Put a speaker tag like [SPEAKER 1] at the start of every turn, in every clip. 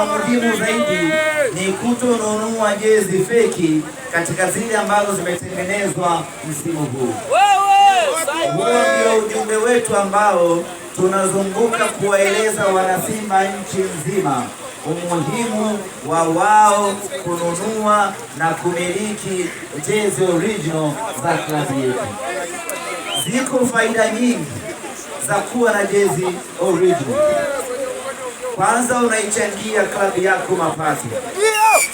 [SPEAKER 1] na umuhimu zaidi ni kutonunua jezi feki katika zile ambazo zimetengenezwa msimu huu. Huo ndio ujumbe wetu ambao tunazunguka kuwaeleza wanasimba nchi nzima umuhimu wa wao kununua na kumiliki jezi original za klabu yetu. Ziko faida nyingi za kuwa na jezi original. Kwanza unaichangia klabu yako mapato.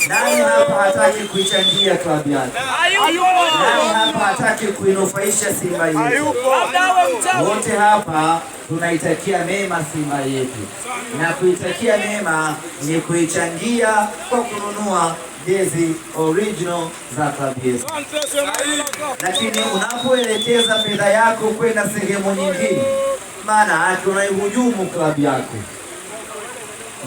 [SPEAKER 1] Nani hapa hataki kuichangia klabu yako? Nani hapa hataki kuinufaisha Simba yetu? Wote hapa tunaitakia mema Simba yetu, na kuitakia mema ni kuichangia kwa kununua jezi original za klabu yetu. Lakini unapoelekeza fedha yako kwenda sehemu nyingine, maana yake unaihujumu klabu yako.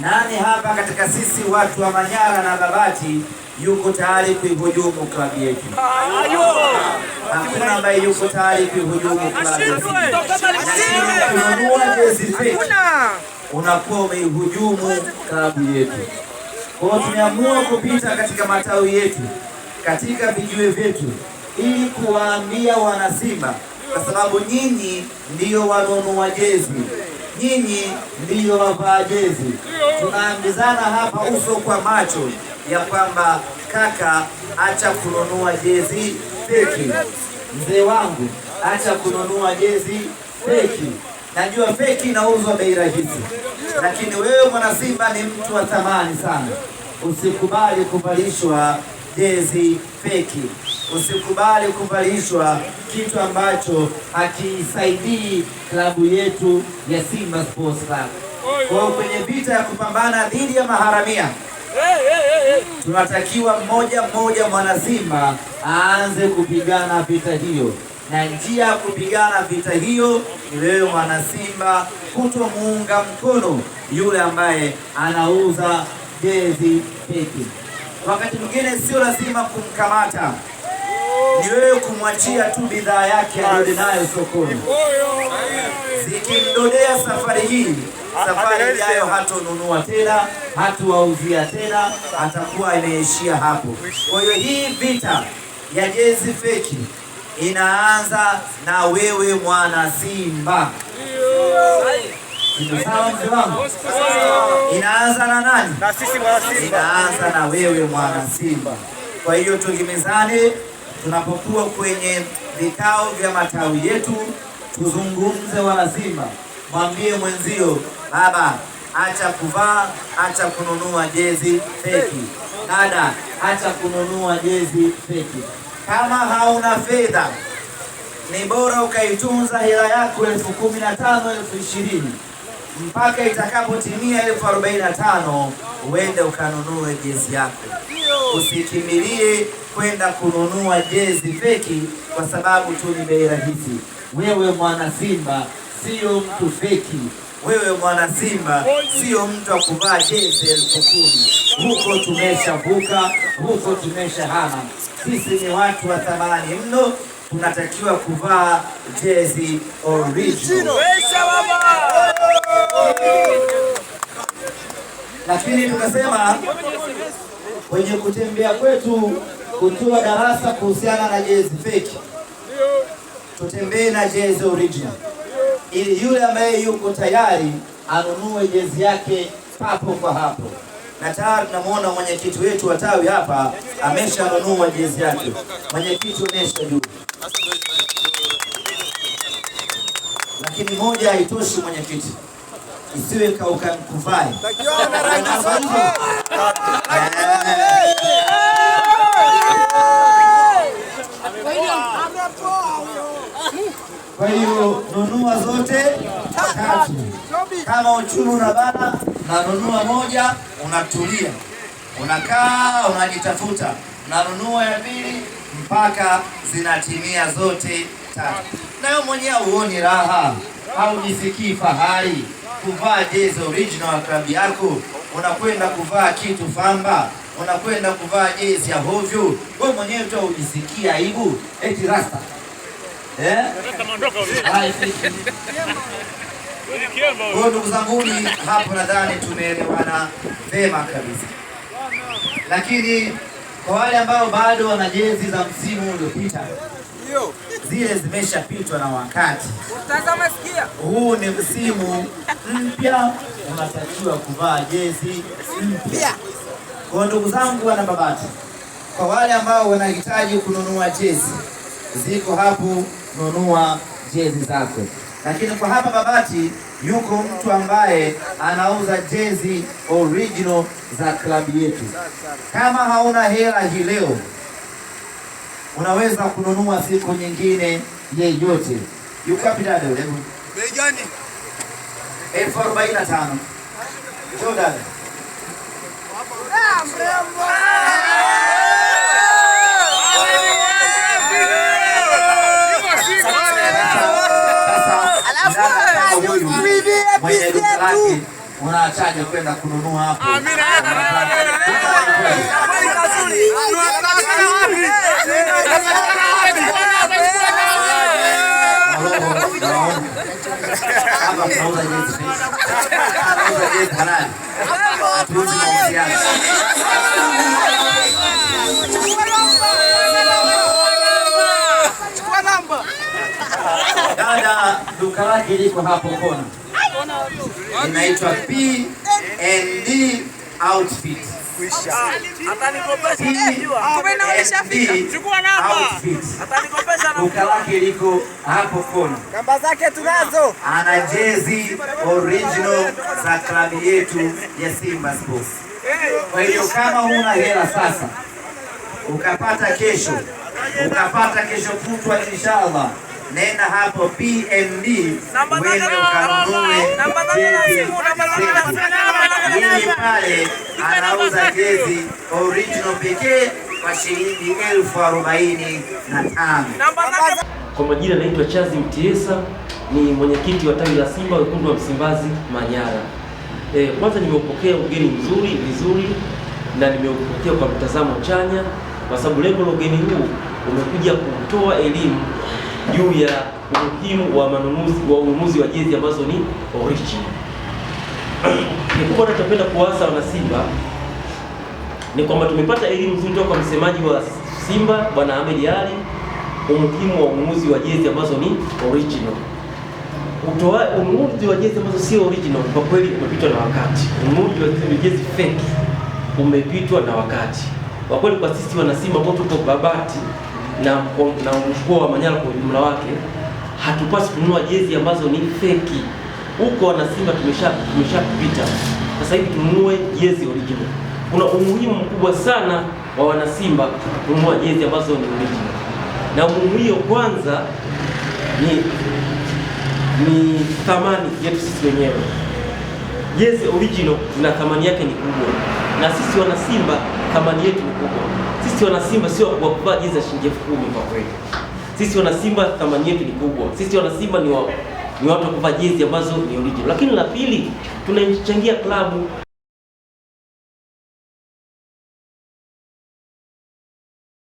[SPEAKER 1] Nani hapa katika sisi watu wa Manyara na Babati yuko tayari kuihujumu klabu yetu? Hakuna ambaye yuko tayari kuihujumu klabu yetu. unakuwa umeihujumu klabu yetu. Kwa tumeamua kupita katika matawi yetu, katika vijiwe vyetu, ili kuwaambia wanasimba, kwa sababu nyinyi ndiyo wanunua jezi nyinyi ndiyo wavaa jezi, tunaambizana hapa uso kwa macho ya kwamba kaka, acha kununua jezi feki. Mzee wangu, acha kununua jezi feki. Najua feki inauzwa bei rahisi, lakini wewe mwana Simba ni mtu wa thamani sana, usikubali kuvalishwa jezi feki. Usikubali kuvalishwa kitu ambacho hakisaidii klabu yetu ya Simba Sports Club. Kwa kwenye vita ya kupambana dhidi ya maharamia tunatakiwa mmoja mmoja mwana Simba aanze kupigana vita hiyo, na njia ya kupigana vita hiyo ni wewe mwana Simba kutomuunga mkono yule ambaye anauza jezi peke. Wakati mwingine sio lazima kumkamata ni wewe kumwachia tu bidhaa yake nayo sokoni. Zikimdodea safari hii, safari ijayo hatonunua tena, hatuwauzia tena, atakuwa imeishia hapo. Kwa hiyo hii vita ya jezi feki inaanza na wewe mwana Simba. inaanza na nani? Inaanza na wewe mwana Simba. Kwa hiyo tuhimizane tunapokuwa kwenye vikao vya matawi yetu, tuzungumze. Wanasima, mwambie mwenzio, baba, acha kuvaa, acha kununua jezi feki. Dada, acha kununua jezi feki. Kama hauna fedha, ni bora ukaitunza hela yako elfu kumi na tano elfu ishirini mpaka itakapotimia elfu arobaini na tano uende ukanunue jezi yako, usikimilie kwenda kununua jezi feki kwa sababu tu ni bei rahisi. Wewe mwana Simba sio mtu feki. Wewe mwana Simba sio mtu wa kuvaa jezi elfu kumi. Huko tumeshavuka, huko tumeshahama. Sisi ni watu wa thamani mno, tunatakiwa kuvaa jezi original. Lakini tukasema kwenye kutembea kwetu kutua darasa kuhusiana na jezi fake, tutembee na jezi original, ili yule ambaye yuko tayari anunue jezi yake papo kwa hapo. Na tayari tunamwona mwenyekiti wetu wa tawi hapa ameshanunua jezi yake. Mwenyekiti, onyesha juu. Lakini moja haitoshi mwenyekiti, isiwe kaukankuvai Kwa hiyo nunua zote tatu, kama uchumi unabana na nunua moja, unatulia, unakaa, unajitafuta, nanunua ya pili mpaka zinatimia zote tatu, nayo mwenyewe huoni raha au jisikii fahari kuvaa jezi original ya klabu yako, unakwenda kuvaa kitu famba, unakwenda kuvaa jezi ya hovyo, wewe mwenyewe tu aibu, eti rasta Eh? Kwa ndugu zanguni, hapo nadhani tumeelewana vema kabisa, lakini kwa wale ambao bado wana jezi za msimu uliopita, zile zimeshapitwa na wakati. Huu ni msimu mpya, unatakiwa kuvaa jezi mpya. Kwa ndugu zangu wana Babati, kwa wale ambao wanahitaji kununua jezi ziko hapo nunua jezi zako. Lakini kwa hapa Babati yuko mtu ambaye anauza jezi original za klabu yetu. Kama hauna hela hii leo, unaweza kununua siku nyingine yeyote. Yuko wapi dada yule? Bei gani? elfu arobaini na tano. Njoo dada. Ah, mwenye duka lake unaachaje kwenda kununua hapo? Dada duka lake liko hapo kona inaitwa P outfit. Duka lake liko hapo kona, namba zake tunazo. Ana jezi original za klabu yetu ya Simba Sports. Kwa hiyo kama una hela sasa ukapata kesho ukapata kesho kutwa, inshallah nenda hapo PND uende ukanunue jezi pale anauza jezi original pekee kwa shilingi elfu arobaini na tano.
[SPEAKER 2] Kwa majina anaitwa Chazi Mtiesa, ni mwenyekiti wa tawi la Simba wekundu wa Msimbazi Manyara. E, kwanza nimeupokea ugeni mzuri vizuri na nimeupokea kwa mtazamo chanya, kwa sababu lengo la ugeni huu umekuja kutoa elimu juu ya umuhimu wa manunuzi wa ununuzi wa jezi ambazo ni original. Kikubwa tunachopenda kuwasa wana Simba ni kwamba tumepata elimu nzuri kutoka kwa msemaji wa Simba Bwana Ahmed Ali, umuhimu wa ununuzi wa jezi ambazo ni original. Utoa ununuzi wa jezi ambazo sio original kwa kweli umepitwa na wakati. Ununuzi wa jezi fake umepitwa na wakati. Kwa kweli kwa sisi wana Simba ambao tuko Babati na na mkoa wa Manyara kwa ujumla wake, hatupasi kununua jezi ambazo ni feki. Huko wana Simba tumesha tumeshapita, sasa hivi tununue jezi original. Kuna umuhimu mkubwa sana wa wanasimba kununua jezi ambazo ni original, na umuhimu hiyo kwanza ni ni thamani yetu sisi wenyewe. Jezi original zina thamani yake ni kubwa, na sisi wanasimba thamani yetu ni kubwa. Sisi wanasimba sio kuvaa jezi za shilingi elfu kumi kwa kweli. Sisi wanasimba thamani yetu ni kubwa. Sisi wanasimba ni, wa, ni watu kuvaa jezi ambazo ni original. Lakini la pili, tunachangia klabu.